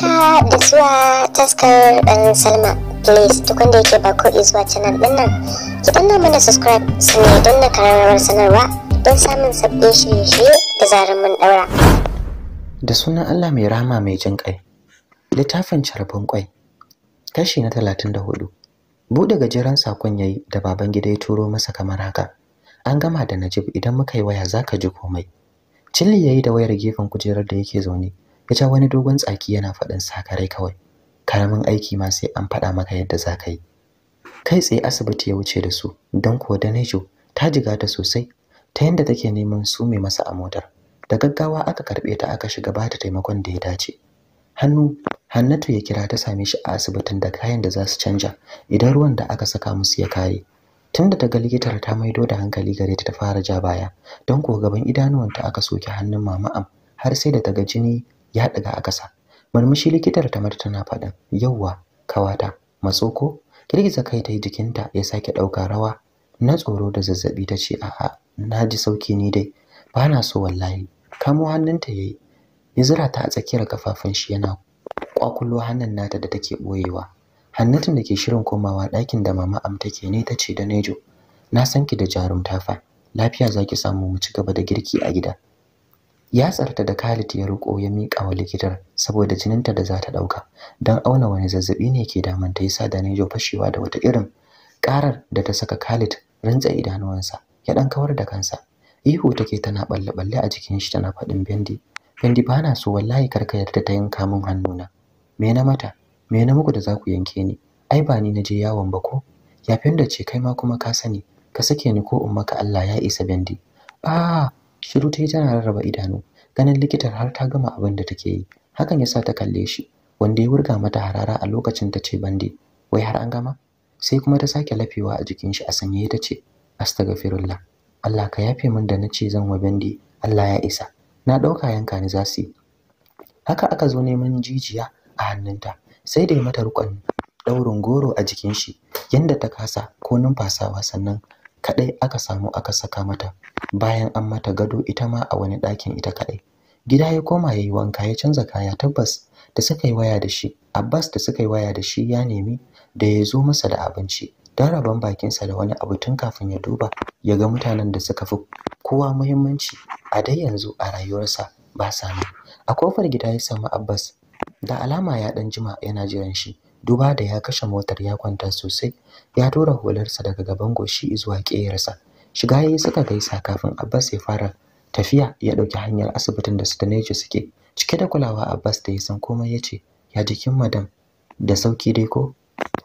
haka da zuwa taskar dan salma please duk wanda yake ba ko zuwa canal din nan ki danna mana subscribe su ne don na kararrawar sanarwa don samun sabbin shirye-shirye da zarar mun daura da sunan allah mai rama mai jin kai littafin carbon kwai kashi na talatin da hudu buɗe gajeren sakon yi da baban gida ya turo masa kamar haka an gama da najib idan muka yi waya zaka ji komai cilli yi da wayar gefen kujerar da yake zaune ya ja wani dogon tsaki yana faɗin sakarai kawai karamin aiki ma sai an faɗa maka yadda za ka yi kai tsaye asibiti ya wuce da su don kuwa ta jiga ta sosai ta yadda take neman su mai masa a motar da gaggawa aka karɓe ta aka shiga ba ta taimakon da ya dace hannu hannatu ya kira ta same shi a asibitin da kayan da za su canja idan ruwan da aka saka musu ya kare tunda ta ga likitar ta maido da hankali gare ta ta fara ja baya don ko gaban idanuwanta aka soke hannun mama'am har sai da ta ga jini ya daga a ƙasa murmushi likitar tamar tana faɗin yauwa kawata matsoko girgiza kai ta yi jikinta ya sake ɗauka rawa na tsoro da zazzabi ta ce a'a na ji sauki ni dai ba na so wallahi kamo hannunta ya yi ya zira ta a tsakiyar kafafun shi yana kwakulo hannun nata da take ɓoyewa Hannatu da ke shirin komawa ɗakin da mama am take ne ta ce da nejo na san ki da jarumta fa lafiya za ki samu mu ci gaba da girki a gida ya tsarta da Khalid ya riko ya mika wa likitar saboda jininta da za ta dauka dan auna wani zazzaɓi ne ke daman ta yasa da Nejo fashewa da wata irin karar da ta saka Khalid rantsa idanuwansa ya dan kawar da kansa ihu take tana balle balle a jikin shi tana faɗin bendi bendi ba na so wallahi karka yarda ta yanka min hannuna me na mata me na muku da za ku yanke ni ai ba ni je yawon ba ko yafin da ce kai ma kuma ka sani ka sake ni ko in maka Allah ya isa bendi ah shiru ta yi tana rarraba idanu ganin likitar har ta gama abin da take yi hakan ya sa ta kalle shi wanda ya wurga mata harara a lokacin ta ce bande wai har an gama sai kuma ta sake lafewa a jikin shi a sanye ta ce Astagfirullah, Allah ka yafe min da na ce zan wa bande Allah ya isa na ɗauka yanka ni za su yi haka aka zo neman jijiya a hannunta sai da mata rukon daurin goro a jikin shi yanda ta kasa ko numfasawa sannan kaɗai aka samu aka saka mata bayan an mata gado ita ma a wani ɗakin ita kaɗai gida ya koma yayi wanka ya canza kaya tabbas da suka yi waya da shi abbas da suka yi waya da shi ya nemi da ya zo masa da abinci raban rabon bakinsa da wani abu tun kafin ya duba ya ga mutanen da suka fi kowa muhimmanci a dai yanzu a rayuwarsa ba sa a kofar gida ya samu abbas da alama ya ɗan jima yana jiran shi duba da ya kashe motar ya kwanta sosai ya tura hularsa daga gaban goshi zuwa ƙeyarsa shiga yayi suka gaisa kafin Abbas ya fara tafiya ya ɗauki hanyar asibitin da su Stanejo suke cike da kulawa Abbas da ya san komai ya ce ya jikin madam da sauki dai ko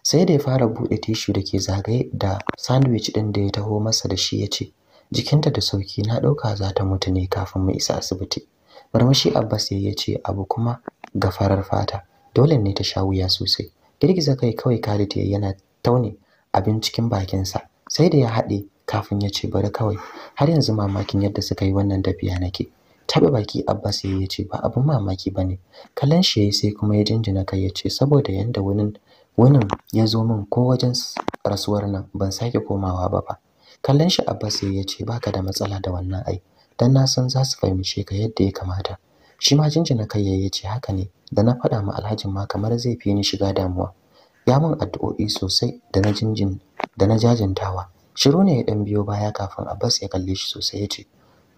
sai da ya fara buɗe tishu da ke zagaye da sandwich ɗin da ya taho masa da shi ya ce jikinta da sauki na ɗauka za ta mutu ne kafin mu isa asibiti murmushi Abbas ya ce abu kuma ga farar fata dole ne ta sha wuya sosai girgiza kai kawai Khalid yayi yana taune abin cikin bakinsa sai da ya haɗe kafin ya ce bari kawai har yanzu mamakin yadda suka yi wannan tafiya nake taɓa baki Abbas sai ya ce ba abin mamaki bane kallon shi sai kuma ya jinjina kai ya ce saboda yanda wunin wunin ya zo min ko wajen rasuwar nan ban sake komawa ba ba. kallon shi Abbas yayi ya ce baka da matsala da wannan ai dan na san za su fahimce ka yadda ya kamata shi ma jinjina kai ya ce haka ne da na faɗa ma alhajin ma kamar zai fi ni shiga damuwa ya min addu'o'i sosai da na jinjin da na jajantawa shiru ne ya ɗan biyo baya kafin Abbas ya kalle shi sosai ya ce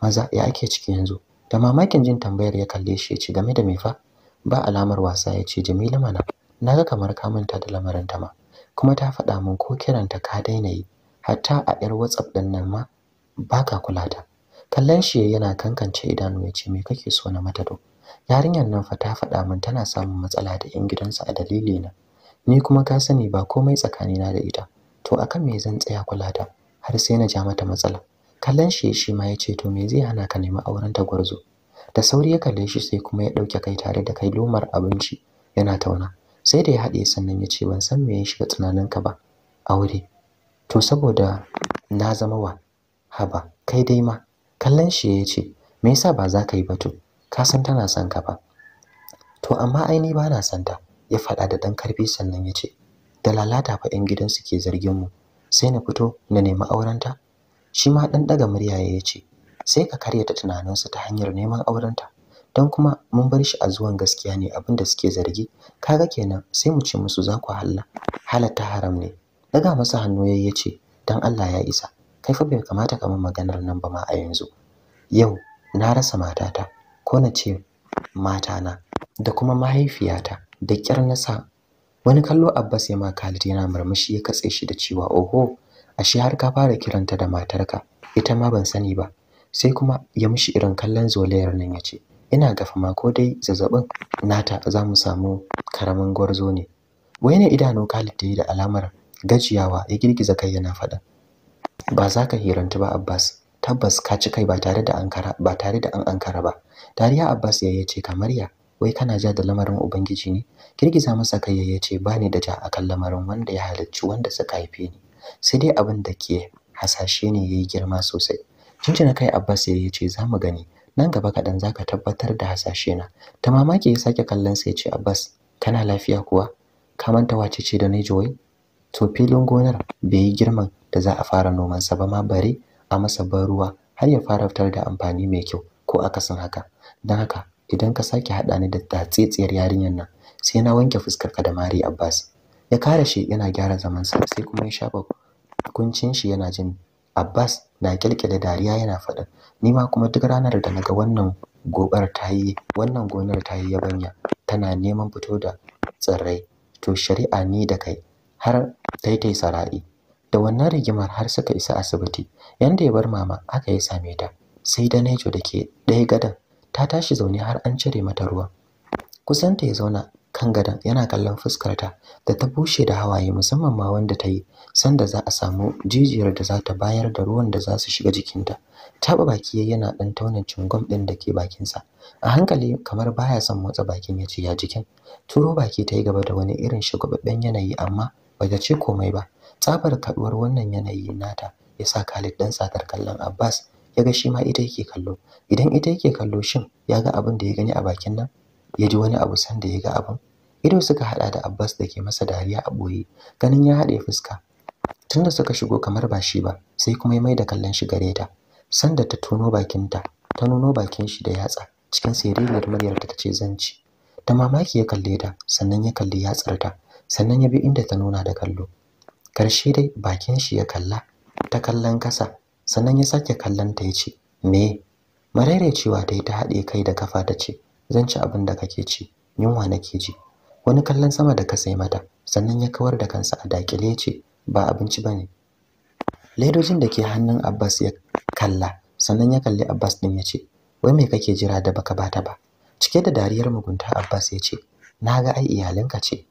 maza ya ake ciki yanzu da mamakin jin tambayar ya kalle shi ya ce game da me fa ba alamar wasa ya ce Jamila mana Na ga kamar ka manta da lamarin ta ma kuma ta faɗa min ko kiranta ka daina yi hatta a yar WhatsApp ɗin nan ma baka kula ta kallon shi yana kankance idanu ya ce me kake so na mata do? yarinyar nan fa ta faɗa min tana samun matsala da ƴan gidansa a dalili na ni kuma ka sani ba komai tsakani na da ita to akan me zan tsaya kula da har sai na ja mata matsala kallon shi shi ma ya ce to me zai hana ka nemi auren ta gwarzo da sauri ya kalle shi sai kuma ya ɗauke kai tare da kai lomar abinci yana tauna sai da ya haɗe sannan ya ce ban san me ya shiga tunaninka ba aure to saboda na zama wa haba kai dai ma kallon shi ya ce me yasa ba za ka yi ba to ka san tana son ka ba to amma ai ni ba na son ta ya faɗa da ɗan karfi sannan ya ce da lalata fa 'yan gidan ke zargin mu sai na fito na nemi aurenta shi ma ɗan ɗaga murya ya ce sai ka karya tunanin tunaninsu ta hanyar neman aurenta don kuma mun bar shi a zuwan gaskiya ne abin da suke zargi kaga kenan sai mu ce musu za ku halla halatta haram ne daga masa hannu ya ce dan Allah ya isa kai fa bai kamata ka min maganar nan ba ma a yanzu yau na rasa matata ko na ce matana da kuma mahaifiyata da ƙyar na sa wani kallo Abbas ya ma Khalid yana murmushi ya katse shi da cewa oho ashe har ka fara kiranta da matarka ita ma ban sani ba sai kuma ya mishi irin kallon zolayar nan ya ce ina gafa ma ko dai zazzabin nata za mu samu karamin gwarzo ne wai ne idanu Khalid ta yi da alamar gajiyawa ya girgiza kai yana faɗa ba za ka hiranta ba Abbas tabbas ka ci kai ba tare da ankara ba tare da an ankara ba dariya abbas ya ce kamar ya wai kana ja da lamarin ubangiji ne girgiza masa kai ya ce ba da ja akan lamarin wanda ya halicci wanda suka haife ni sai dai abin da ke hasashe ne yayi girma sosai na kai abbas ya ce za mu gani nan gaba kaɗan za ka tabbatar da hasashe na ta mamaki ya sake kallon sai ce abbas kana lafiya kuwa ka manta wace ce da ni joyi to filin gonar bai yi girman da za a fara sa ba ma bare a masa ban ruwa har ya fara fitar da amfani mai kyau ko akasin haka don haka idan ka sake haɗa ni da tatsetsiyar yarinyar nan sai na wanke fuskar ka da mari abbas ya kare shi yana gyara zaman sai kuma ya shafa kuncin shi yana jin abbas na kyalkyale dariya yana faɗan. ni ma kuma duk ranar da naga wannan gobar ta yi wannan gonar ta yi yabanya tana neman fito da tsirrai to shari'a ni da kai har taitai sara'i da wannan rigimar har suka isa asibiti yanda ya bar mama aka yi same ta sai da nejo da ke ɗaya gadan ta tashi zaune har an cire mata ruwan ta ya zauna kan gadon yana kallon fuskarta da ta bushe da hawaye musamman ma wanda ta yi sanda za a samu jijiyar da za ta bayar da ruwan da za su shiga jikinta taɓa baki yana ɗan taunin cingom ɗin da ke bakinsa a hankali kamar baya son motsa bakin ya ce ya jikin turo baki ta yi gaba da wani irin shagwababben yanayi amma ba ga ce komai ba tsabar kaɗuwar wannan yanayi nata ya sa Khalid ɗan satar kallon Abbas yaga shi ma ita yake kallo idan ita yake kallo shin ga abin da ya gani a bakin nan ya ji wani abu san da ga abin ido suka hada da Abbas da ke masa dariya a boye ganin ya hade fuska tunda suka shigo kamar ba shi ba sai kuma ya mai da kallon shi gare ta sanda ta tono bakinta ta nuno bakin shi da yatsa cikin siririyar muryar ta tace zanci ta mamaki ya kalle ta sannan ya kalli yatsar ta sannan ya bi inda ta nuna da kallo karshe dai bakin shi ya kalla ta kallon kasa sannan ya sake kallon ta ya ce, me marere cewa ta yi ta haɗe kai da kafa ta ce zan ci abin da kake ci yunwa nake ji wani kallon sama da ka sai mata sannan ya kawar da kansa a dakile ce, ba abinci ba ne. ledojin da ke hannun Abbas ya kalla sannan ya kalli Abbas din ce, wai me kake jira da baka bata ba cike da dariyar mugunta Abbas ya ce, na ga ai iyalinka ce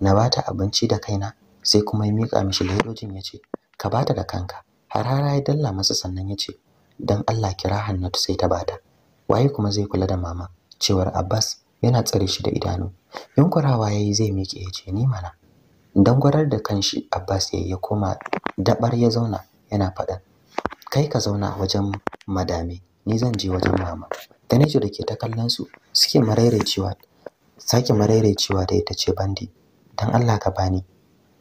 na bata abinci da kaina sai kuma ya mika mishi ledojin ce, ka bata da kanka harara ya dalla masa sannan ya ce don Allah kira Hannatu sai ta bata waye kuma zai kula da mama cewar Abbas yana tsare shi da idanu yankurawa yayi zai miƙe ya ce ni mana Don gwarar da kanshi Abbas yayi ya koma dabar ya zauna yana faɗa kai ka zauna wajen madame ni zan je wajen mama Tanejo da ke ta kallon su suke cewa sake cewa da ita ce bandi don Allah ka bani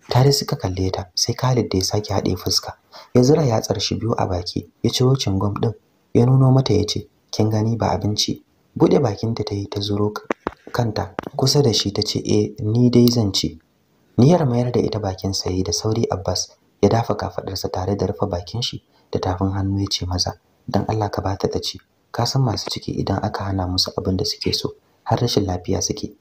tare suka kalle ta sai Khalid da ya sake haɗe fuska ya zura yatsar shi biyu a baki ya ciro cingom din ya nuno mata yace kin gani ba abinci bude bakinta ta yi ta zuro kanta kusa da shi tace eh ni dai zan ci Niyar mayar da ita bakin sayi da sauri Abbas ya dafa kafadarsa tare da rufe bakin shi da tafin hannu ya ce maza dan Allah ka bata ta ci ka san masu ciki idan aka hana musu abin da suke so har rashin lafiya suke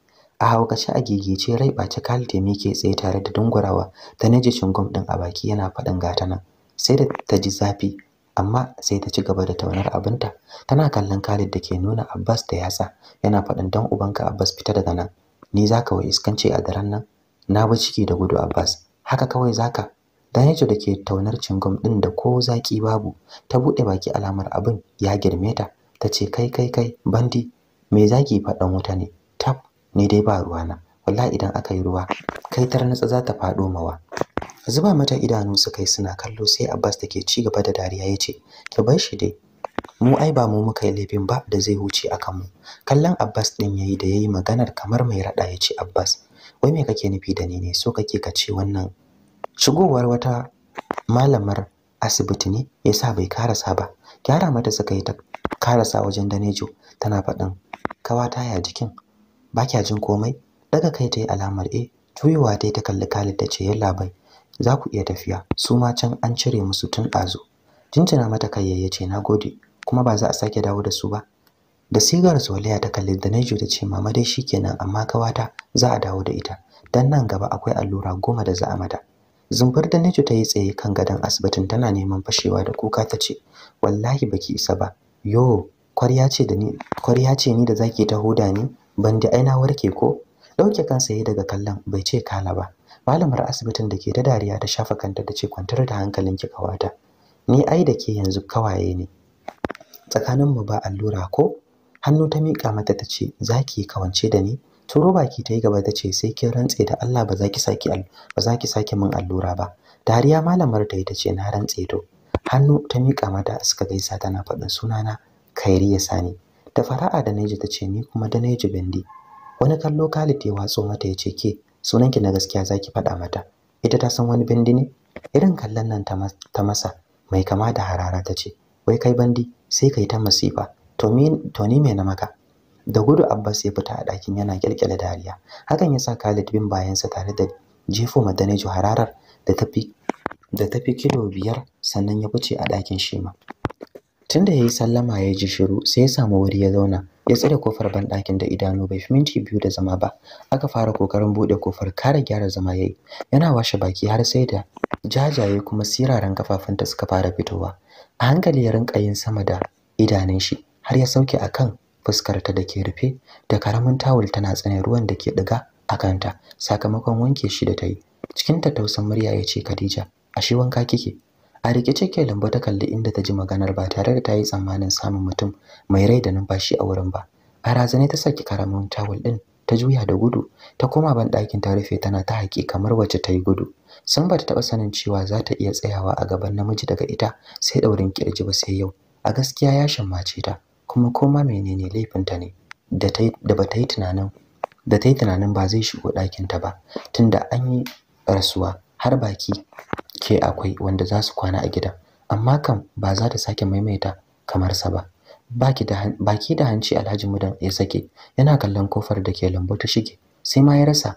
a haukace a gegece rai ɓace Khalid ya mike tsaye tare da dungurawa ta naji cingom din a baki yana faɗin gata nan sai da ta ji zafi amma sai ta ci gaba da taunar abinta tana kallon Khalid da ke nuna Abbas da yatsa yana faɗin dan ubanka Abbas fita daga nan ni zaka wai iskance a daren nan na bi ciki da gudu Abbas haka kawai zaka Danejo da ke taunar cingom ɗin da ko zaki babu ta buɗe baki alamar abin ya girme ta ta ce kai kai kai bandi me zaki faɗan wuta ne ni dai ba ruwa na wallahi idan aka yi ruwa kai tar nutsa za ta faɗo mawa zuba mata idanu suka yi suna kallo sai Abbas da ke ci gaba da dariya ya ce ki bar shi dai mu ai ba mu muka yi laifin ba da zai huce a kanmu kallon Abbas din yayi da yayi maganar kamar mai rada ya ce Abbas wai me kake nufi da ni ne so kake ka ce wannan shigowar wata malamar asibiti ne yasa bai karasa ba gyara mata suka yi ta karasa wajen danejo tana faɗin kawata ya jikin ba kya jin komai daga kai ta yi alamar e juyowa dai ta kalli Khalid ta ce yalla bai za ku iya tafiya su ma can an cire musu tun ɗazu jinjina mata kai ya ce nagode kuma ba za a sake dawo da su ba da sigar zoliya ta kalli da Naijo ta ce mama dai shikenan amma kawata za a dawo da ita dan nan gaba akwai allura goma da za a mata zumbur da Naijo ta yi tsaye kan gadon asibitin tana neman fashewa da kuka ta ce wallahi baki isa ba yo ce ni kwarya ce ni da zaki ta hoda ni bandi aina aina warke ko dauke kansa yayi daga kallon bai ce kala ba malamar asibitin da ke da dariya da shafa kanta da ce kwantar da hankalin ki kawata ni ai da ke yanzu kawaye ne tsakanin mu ba allura ko hannu ta mika mata ta ce za kawance da ni turo baki ta yi gaba ta ce sai kin rantse da Allah ba za ki al ba zaki saki min allura ba dariya malamar ta yi ta ce na rantse to hannu ta mika mata suka gaisa tana faɗin sunana kairi ya sani da fara'a da naiji ta ce ni kuma da naiji bindi wani kallo Khalid ya watso mata ya ce ke sunanki na gaskiya zaki faɗa mata ita ta san wani bindi ne irin kallon nan ta masa mai kama da harara ta ce wai kai bandi sai kai ta masifa to ni me na maka da gudu Abbas ya fita a ɗakin yana kyalkyale dariya hakan ya sa Khalid bin bayansa tare da jefo madanejo hararar da tafi da tafi kilo biyar sannan ya fice a ɗakin shima tunda yi sallama ya ji shiru sai ya samu wuri ya zauna ya tsare kofar banɗakin da idanu bai fi minti biyu da zama ba aka fara kokarin buɗe kofar kare gyara zama ya yi. yana washe baki har sai da jajaye kuma siraran ta suka fara fitowa a hankali ya rinka yin sama da idanun shi har ya sauke a kan fuskarta da ke rufe da karamin tawul tana tsane ruwan da ke ɗiga a kanta sakamakon wanke shi da ta yi cikin tattausan murya ya ce Khadija ashe wanka kike a rikice ke lambo ta kalli inda ta ji maganar ba tare da ta yi tsammanin samun mutum mai rai da numfashi a wurin ba a razane ta saki karamin tawul din ta juya da gudu ta koma ban ɗakin ta rufe tana ta haƙi kamar wacce ta yi gudu san ba ta taɓa sanin cewa za ta iya tsayawa a gaban namiji daga ita sai ɗaurin kirji ba sai yau a gaskiya ya shammace ta kuma koma menene laifinta ne da ba ta yi tunanin da ta yi tunanin ba zai shigo ɗakinta ba tunda an yi rasuwa har baki ke akwai wanda za su kwana a gidan amma kam ba za ta sake maimaita kamar sa ba baki da hanci Alhaji Mudan ya sake yana kallon kofar da ke lambu ta shige sai ma ya rasa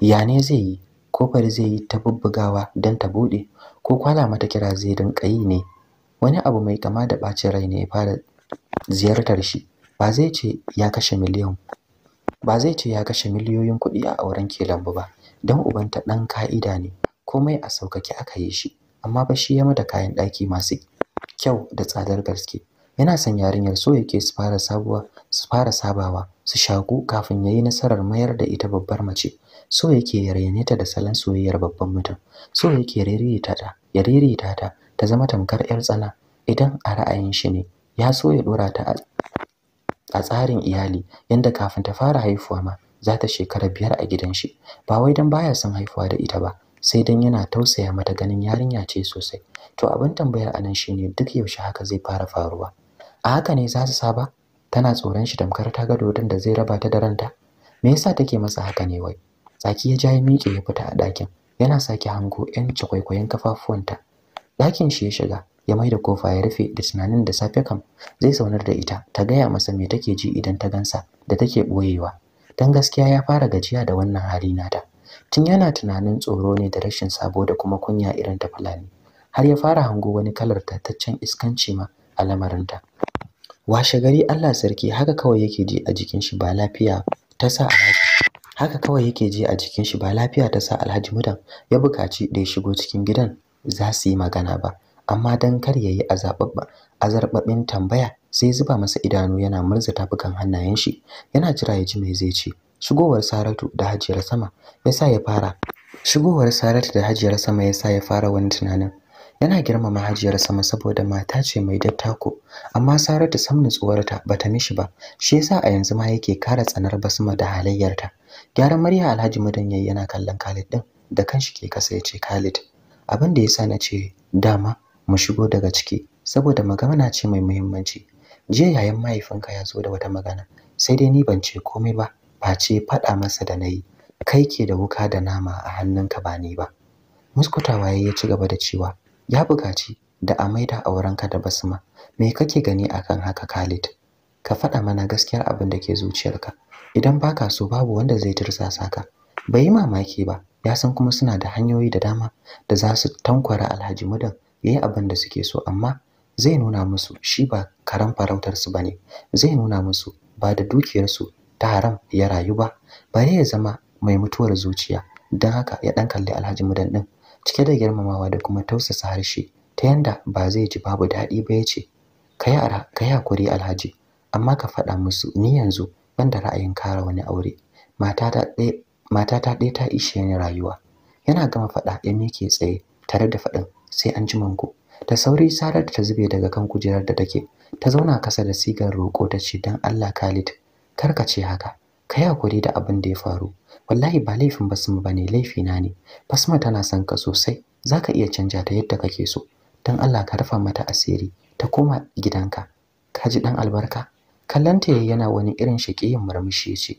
ya ne zai yi kofar zai yi ta bubbugawa don ta bude ko kwala mata kira zai din kayi ne wani abu mai kama da bacin rai ne ya fara ziyartar shi ba zai ce ya kashe miliyan ba zai ce ya kashe miliyoyin kuɗi a auren ke lambu ba don ubanta ɗan ka'ida ne komai a sauƙaƙe aka yi shi amma bashi shi ya mata kayan ɗaki masu kyau da tsadar gaske yana son yarinyar so yake su fara sabuwa su fara sabawa su shaku kafin ya yi nasarar mayar da ita babbar mace so yake yarene ta da salon soyayyar babban mutum so yake ririta ta ya ta ta zama tamkar yar tsana idan a ra'ayin shi ne ya so ya dora ta a tsarin iyali yanda kafin ta fara haifuwa ma za ta shekara biyar a gidan shi ba wai don baya son haifuwa da ita ba sai dan yana tausaya mata ganin yarinya ce sosai to abin tambayar anan shine duk yaushe haka zai fara faruwa a haka ne za su saba tana tsoron shi tamkar ta ga dodon da zai raba ta da ranta me yasa take masa haka ne wai tsaki ya ja ya miƙe ya fita a ɗakin yana sake hango yan cikwaikwayen kafafuwanta ɗakin shi ya shiga ya mai da kofa ya rufe da tunanin da safe kam zai saunar da ita ta gaya masa me take ji idan ta gansa da take ɓoyewa don gaskiya ya fara gajiya da wannan hali nata tun yana tunanin tsoro ne da rashin sabo da kuma kunya irin ta fulani har ya fara hango wani kalar tataccen iskanci ma a lamarinta washe gari Allah sarki haka kawai yake ji a jikin shi ba lafiya ta sa alhaji haka kawai yake ji a jikin shi ba lafiya ta sa alhaji mudan ya bukaci da ya shigo cikin gidan za su yi magana ba amma dan kar yayi azababba azarbabin tambaya sai zuba masa idanu yana murza tafukan hannayen shi yana jira ya ji me zai ce shigowar Saratu da Hajiyar Sama ya sa ya fara shigowar Saratu da Hajiyar Sama ya sa ya fara wani tunanin yana girmama Hajiyar Sama saboda mata ce mai dattako amma Saratu sam ta bata mishi ba shi yasa a yanzu ma yake kara tsanar basma da halayyarta gyaran murya Alhaji Mudan yayi yana kallon Khalid din da kanshi ke kasa yace Khalid abin da yasa ce dama mu shigo daga ciki saboda magana ce mai muhimmanci jiya yayin mahaifinka ya zo da wata magana sai dai ni ban ce komai ba face faɗa masa da na yi kai ke da wuka da nama a hannunka ba ni ba muskutawa ya ci gaba da cewa ya buƙaci da a maida aurenka da basma me kake gani akan haka khalid ka faɗa mana gaskiyar abin da ke zuciyarka idan baka so babu wanda zai tirsasa ka bai yi mamaki ba ya san kuma suna da hanyoyi da dama da za su tankwara alhaji mudan ya abin da suke so amma zai nuna musu shi ba karan farautarsu ba ne zai nuna musu ba da dukiyarsu ta haram ya rayu ba bare ya zama mai mutuwar zuciya don haka ya ɗan kalli Alhaji Mudan ɗin? cike da girmamawa da kuma tausasa harshe ta yanda ba zai ji babu daɗi ba yace kai ara yi hakuri Alhaji amma ka faɗa musu ni yanzu ban da ra'ayin kara wani aure matata ɗaya ɗaya ta ishe ni rayuwa yana gama faɗa ya miƙe tsaye tare da faɗin sai an ji manko da sauri sarar ta zube daga kan kujerar da take ta zauna kasa da sigar roƙo ta ce don Allah Khalid kar ka ce haka ka hakuri da abin da ya faru wallahi ba laifin basma bane na ne basma tana son ka sosai zaka iya canja ta yadda kake so dan Allah ka rufa mata asiri ta koma gidanka ka ji dan albarka kallanta yana wani irin shakiyin murmushi yace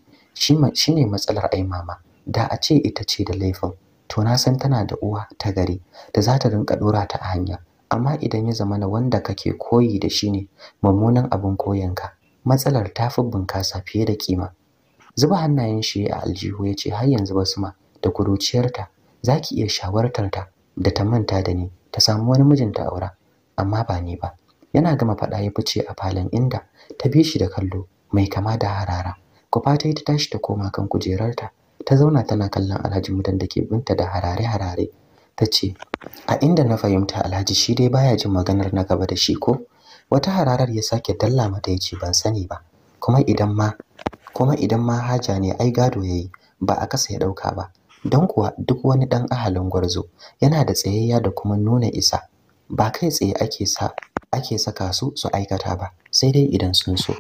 shi ne matsalar ai mama da a ce ita ce da laifin to na san tana da uwa ta gari da za ta rinka dora ta a hanya amma idan ya zama na wanda kake koyi da shi ne mummunan abin koyanka matsalar ta fi bunkasa fiye da kima zuba hannayen shi a aljihu ya ce har yanzu basma da kuruciyarta za ki iya shawartar ta da ta manta da ni ta samu wani mijinta aura amma ba ni ba yana gama faɗa ya fice a falon inda ta bi shi da kallo mai kama da harara kufatai ta tashi ta koma kan kujerarta ta zauna tana kallon alhaji mudan da ke binta da harare-harare ta ce a inda na fahimta alhaji shi dai baya jin maganar na gaba da shi ko wata hararar ya sake dalla mata ya ce ban sani ba kuma idan ma kuma idan ma haja ne ai gado yayi ba a kasa ya ɗauka ba don kuwa duk wani ɗan ahalin gwarzo yana da tsayayya da kuma nuna isa ba kai tsaye ake sa ake saka su su aikata ba sai dai idan sun so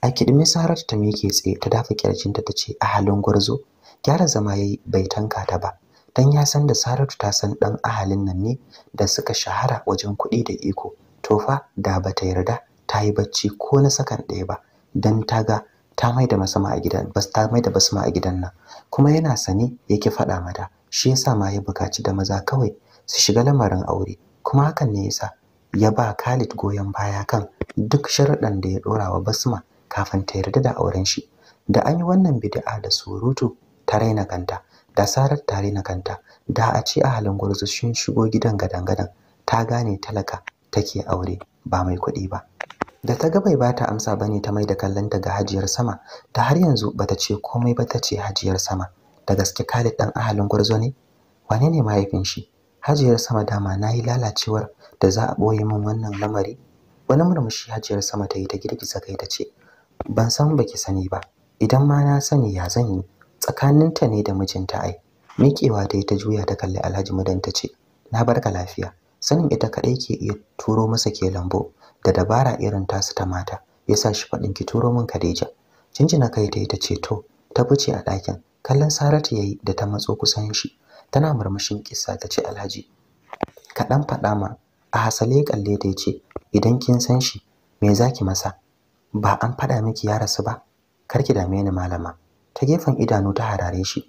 a kidme sarar ta mike tsaye ta dafa kirjinta ta ce ahalin gwarzo gyara zama yayi bai tanka ta ba dan ya san da Saratu ta san dan ahalin nan ne da suka shahara wajen kuɗi da iko to fa da bata yarda ta yi bacci ko na sakan ɗaya ba don ta ga ta mai da basma a gidan bas ta mai da basma a gidan nan kuma yana sane yake faɗa mata shi yasa ma ya bukaci da maza kawai su shiga lamarin aure kuma hakan ne yasa ya ba Khalid goyon baya kan duk sharaɗan da ya ɗora wa Basma kafin ta yarda da auren shi. Da an yi wannan bid'a da surutu ta raina kanta, da sarar ta raina kanta, da a ce halin gurzu sun shigo gidan gadan-gadan ta gane talaka take aure ba mai kuɗi ba da ta ga bai ba ta amsa bane ta mai da kallonta ga hajiyar sama ta har yanzu bata ce komai ba ta ce hajiyar sama da gaske Khalid dan ahalin gwarzo ne wane ne mahaifin shi hajiyar sama dama nayi lalacewar da za a boye min wannan lamari wani murmushi hajiyar sama ta yi ta girgiza kai ta ce ban san baki sani ba idan ma na sani ya zan yi tsakaninta ne da mijinta ai miƙewa ta yi ta juya ta kalli Alhaji Madan ta ce na barka lafiya sanin ita kadai ke iya turo masa ke lambo da dabara irin tasu ta mata yasa shi fadin ki turo min Khadija jinjina kai ta ita ce to ta fice a ɗakin kallon Saratu yayi da ta matso kusan shi tana murmushin kissa ta ce Alhaji kaɗan faɗa ma a hasale kalle ta ce idan kin san shi me zaki masa ba an faɗa miki ya rasu ba Kar ki dame ni malama ta gefen idanu ta harare shi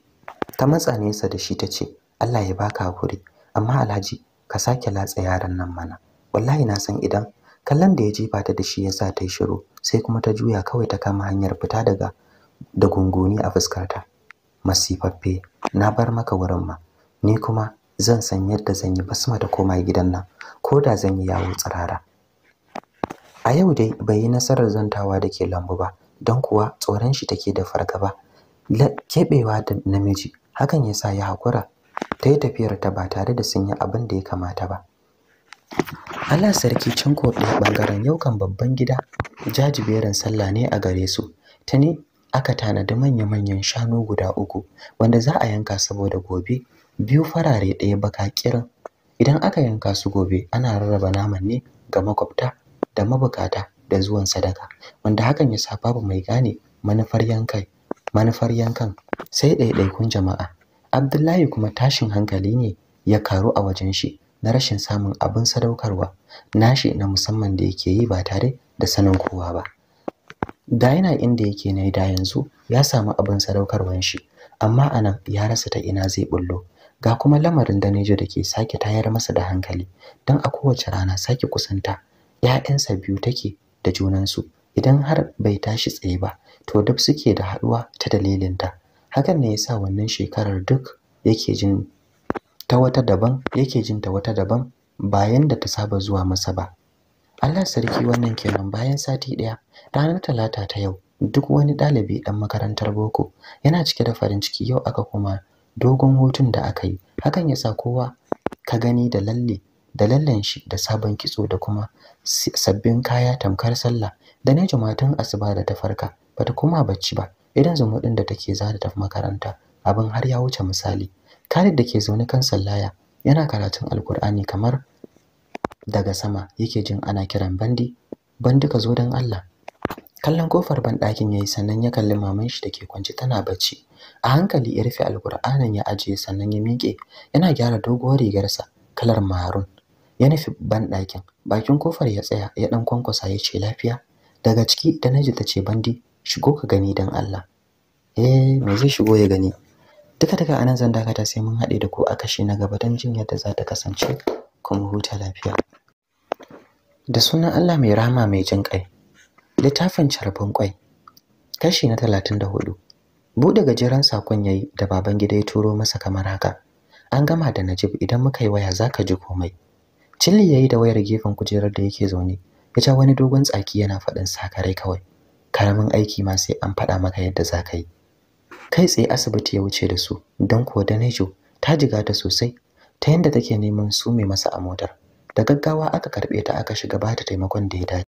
ta matsa nesa da shi ta ce Allah ya baka hakuri amma Alhaji ka sake latsa yaran nan mana wallahi na san idan kallon da ya jefa ta da shi yasa ta yi shiru sai kuma ta juya kawai ta kama hanyar fita daga da gunguni a fuskarta masifaffe na bar maka wurin ma ni kuma zan san yadda zan yi basma ta koma gidan nan ko da zan yi yawo tsirara a yau dai bai yi nasarar zantawa da ke lambu ba don kuwa tsoron shi take da fargaba keɓewa da namiji hakan yasa ya haƙura ta yi tafiyarta ba tare da sun yi abin da ya kamata ba Allah sarki can ko ɗaya ɓangaren yau kan babban gida jajiberin sallah ne a gare su ta ne aka tanadi manya-manyan shanu guda uku wanda za a yanka saboda gobe biyu farare ɗaya baka ƙirin. idan aka yanka su gobe ana rarraba naman ne ga makwabta da mabukata da zuwan sadaka wanda hakan ya sa babu mai gane manufar yankan manufar yankan sai ɗaiɗaikun jama'a Abdullahi kuma tashin hankali ne ya karu a wajen shi na rashin samun abin sadaukarwa nashi na musamman da yake yi ba tare da sanin kowa ba. Da yana inda yake ne da yanzu ya samu abin sadaukarwan shi amma anan ya rasa ta ina zai bullo. Ga kuma lamarin da Danejo da ke sake tayar masa da hankali don a kowace rana sake kusanta ‘ya'yansa biyu take da junansu idan har bai tashi tsaye ba to duk suke da haɗuwa ta dalilinta hakan ne yasa wannan shekarar duk yake jin ta wata daban yake jin ta wata daban bayan da ta saba zuwa masa ba Allah sarki wannan kenan bayan sati daya ranar talata ta yau duk wani ɗalibi ɗan makarantar boko yana cike da farin ciki yau aka kuma dogon hutun da aka yi hakan yasa kowa ka gani da lalle da lallen shi da sabon kitso da kuma sabbin kaya tamkar sallah da ne jumatan asuba da ta farka bata koma bacci ba idan zumuɗin da take za ta tafi makaranta abin har ya wuce misali Khalid da ke zaune kan sallaya yana karatun alkur'ani kamar daga sama yake jin ana kiran bandi bandi ka zo don Allah kallon kofar banɗakin ya yi sannan ya kalli maman shi da ke kwance tana bacci a hankali ya rufe alkur'anin ya ajiye sannan ya miƙe yana gyara doguwar rigarsa kalar maroon ya nufi banɗakin bakin kofar ya tsaya ya ɗan kwankwasa ya ce lafiya daga ciki da naji ta ce bandi shigo ka gani dan Allah eh me zai shigo ya gani duka duka anan zan dakata sai mun haɗe da ku a kashi na gaba dan jin yadda za ta kasance kuma huta lafiya da sunan Allah mai rahama mai jin kai littafin charbon kwai kashi na 34 bude gajeren sakon yayi da baban gida ya turo masa kamar haka an gama da Najib idan muka yi waya zaka ji komai Cilli yayi da wayar gefen kujerar da yake zaune ya ja wani dogon tsaki yana faɗin sakarai kawai karamin aiki ma sai an faɗa maka yadda za ka yi kai tsaye asibiti ya wuce da su don kuwa nejo ta jiga ta sosai ta yadda take neman su mai masa a motar da gaggawa aka karɓe ta aka shiga ba ta taimakon da ya dace